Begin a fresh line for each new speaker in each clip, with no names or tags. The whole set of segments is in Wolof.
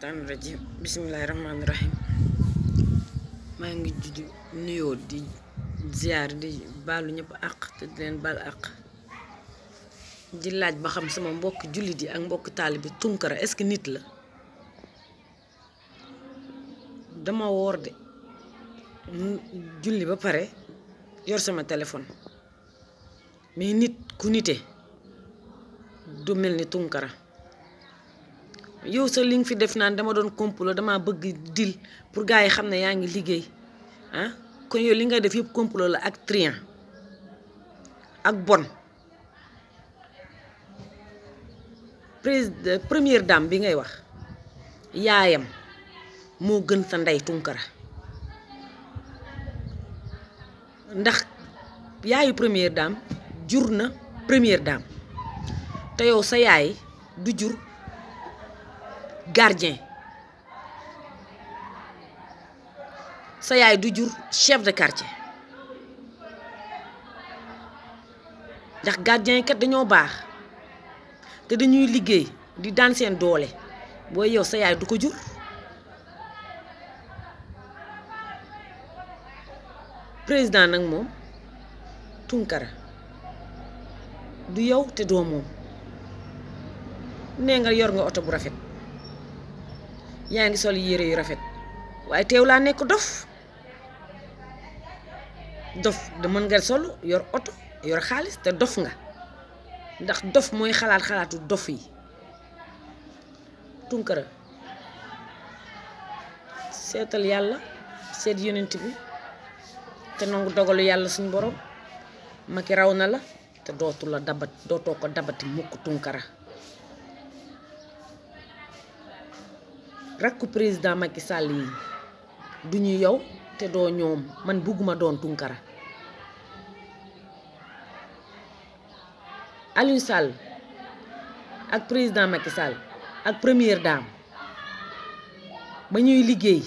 Bismillahirrahmanirrahim bismillahirrahmanirrahim ma ngi juddu nuyoo di ziar di balu ñëpp ak te di leen baal ak di laaj ba xam sama mbokk julli di, ak mbokk talib Tunkara est-ce nit la dama wor de julli ba pare yor sama telephone. mais nit ku nité du mel ni Tunkara yow sa li nga fi def naan dama doon complot dama bëgg dil pour gars yi xam ne yaa ngi liggéey ah kon yow li nga def yëpp complot la ak trian ak bon président première dame bi ngay wax yaayam moo gën sa ndey tunkara ndax yaayu première dame jur na première dame te yow sa yaay du jur gardien sa yaay du jur chef de quartier ndax gardien yi kat dañoo baax te dañuy liggéey di daan seen doole booy yow sa yaay du ko jur président nag moom Tunkara du yow te doo moom nee nga yor nga oto bu rafet yaa ngi sol yére yu rafet waaye teew laa nekk dof dof da mën nga sol yor oto yor xaalis te dof nga ndax dof mooy xalaat xalaatu dof yi tunkara seetal yàlla seet yonent bi te nangu dogalu yàlla suñu borom maki raw na la te dootu la dabat dootoo ko dabati mukk tunkara rakku président Macky Sall yi du ñu yow te doo ñoom man bugguma doon Tunkara Aliou Sall ak président Macky Sall ak première dame ba ñuy liggéey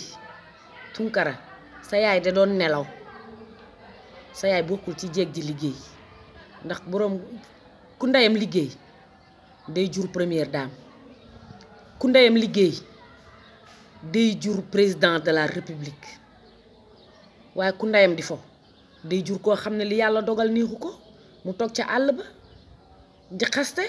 Tunkara sa yaay da doon nelaw sa yaay bokkul ci jéeg ji liggéey ndax boroom ku ndeyam liggéey day jur première dame ku ndeyam liggéey day jur président de la république waaye ku ndeyam di fo day jur koo xam ne li yàlla dogal neexu ko mu toog ca àll ba di xaste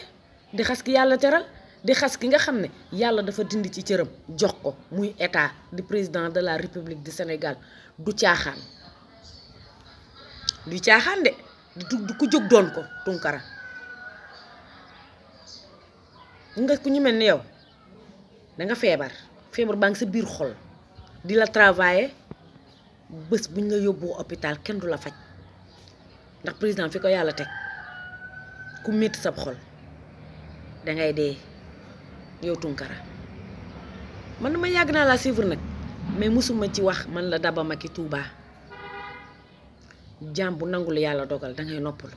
di xas ki yàlla teral di xas ki nga xam ne yàlla dafa dind ci cëram jox ko muy état di président de la république de Sénégal du caaxaan du caaxaan de du ku jóg doon ko Tunkara nga ku ñu mel ni yow danga feebar fièvre bangsi sa biir xol di la travailler bëss buñ la yobbu hôpital kenn du la fajj ndax président fi ko yalla tek ku metti sa xol ngay dé yow tunkara man ma yag na la suivre nak mais musuma ci wax man la Daba maki Touba jambu nangul yalla dogal ngay noppalu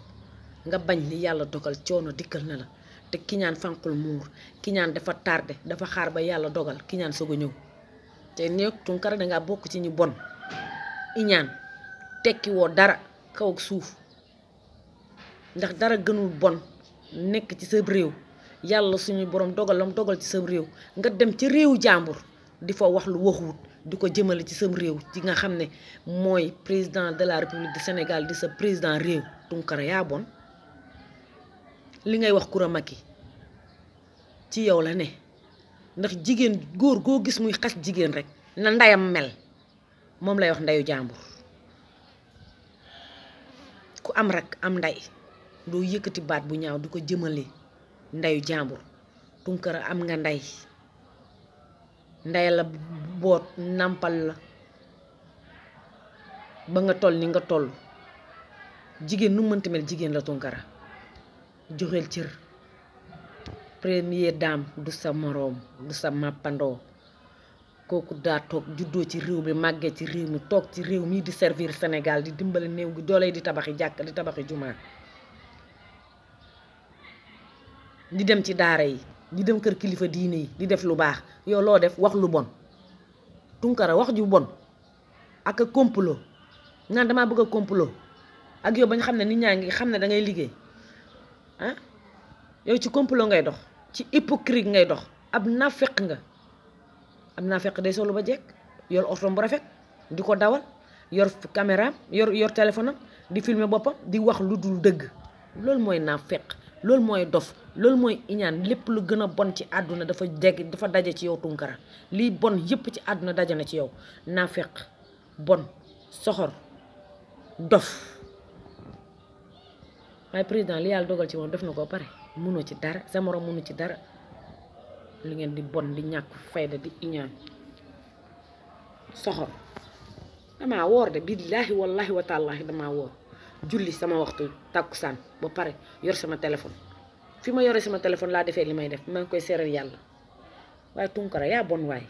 nga bañ li yalla dogal ciono dikkal na la te fankul mur ki ñaan dafa tardé dafa xaar ba yalla dogal kiñaan soog a ñëw te kar da nga bok ci ñu bon ñaan tekki wo dara kaw ak suuf ndax dara gënul bon nek ci sa rew yalla suñu borom dogal lam dogal ci sa rew nga dem ci rew jàmbur di fa wax lu waxut diko jëmeul ci sam rew ci nga xam moy président de la république du Sénégal di sa président tun kar ya bon li ngay wax kura maki ci yow la ne ndax jigen gor go gis muy xass jigen rek na ndayam mel mom lay wax ndayu jambour ku am rek am nday do yëkkati baat bu ñaaw duko jëmele jëmale ndayu tunkara am nga nday nday la boot nampal la ba nga toll ni nga toll jigen nu mel jigen la tunkara joxel cir Premier dame du sa morom du sa mapando koku da tok juddo ci rew mi magge ci rew mi tok ci rew mi di servir senegal di dimbali néew gu dolay di tabaxi jak di tabaxi juma di dem ci daara yi di dem keur kilifa diine yi di def lu bax yo lo def wax lu bon tunkara wax ju bon ak complot naan dama bëgg complot ak yo bañ xamne nit ñangi ngi da ngay liggéey ah yow ci complot ngay dox ci hypocrite ngay dox ab naafeq nga am naafeq day solu ba jekk yor otom bu rafet di ko dawal yor caméra yor yor téléphone di filmer boppam di wax lu dul dëgg loolu mooy naafeq loolu mooy dof loolu mooy iñaan lépp lu gën a bon ci àdduna dafa dégg dafa daje ci yow tunkara lii bon yépp ci àdduna daje na ci yow naafeq bon soxor dof waaye président li yàlla dogal ci moom def na ko pare mënoo ci dara sa morom mënu ci dara li ngeen di bon di ñàkk fayda di iñaan soxor damaa woor de billaahi wallaahi wa taalaahi damaa woor julli sama waxtu tàkkusaan ba pare yor sama téléphone fi ma yoree sama téléphone laa defee li may def maa ngi koy seeral yàlla waaye tunkara yaa bon waay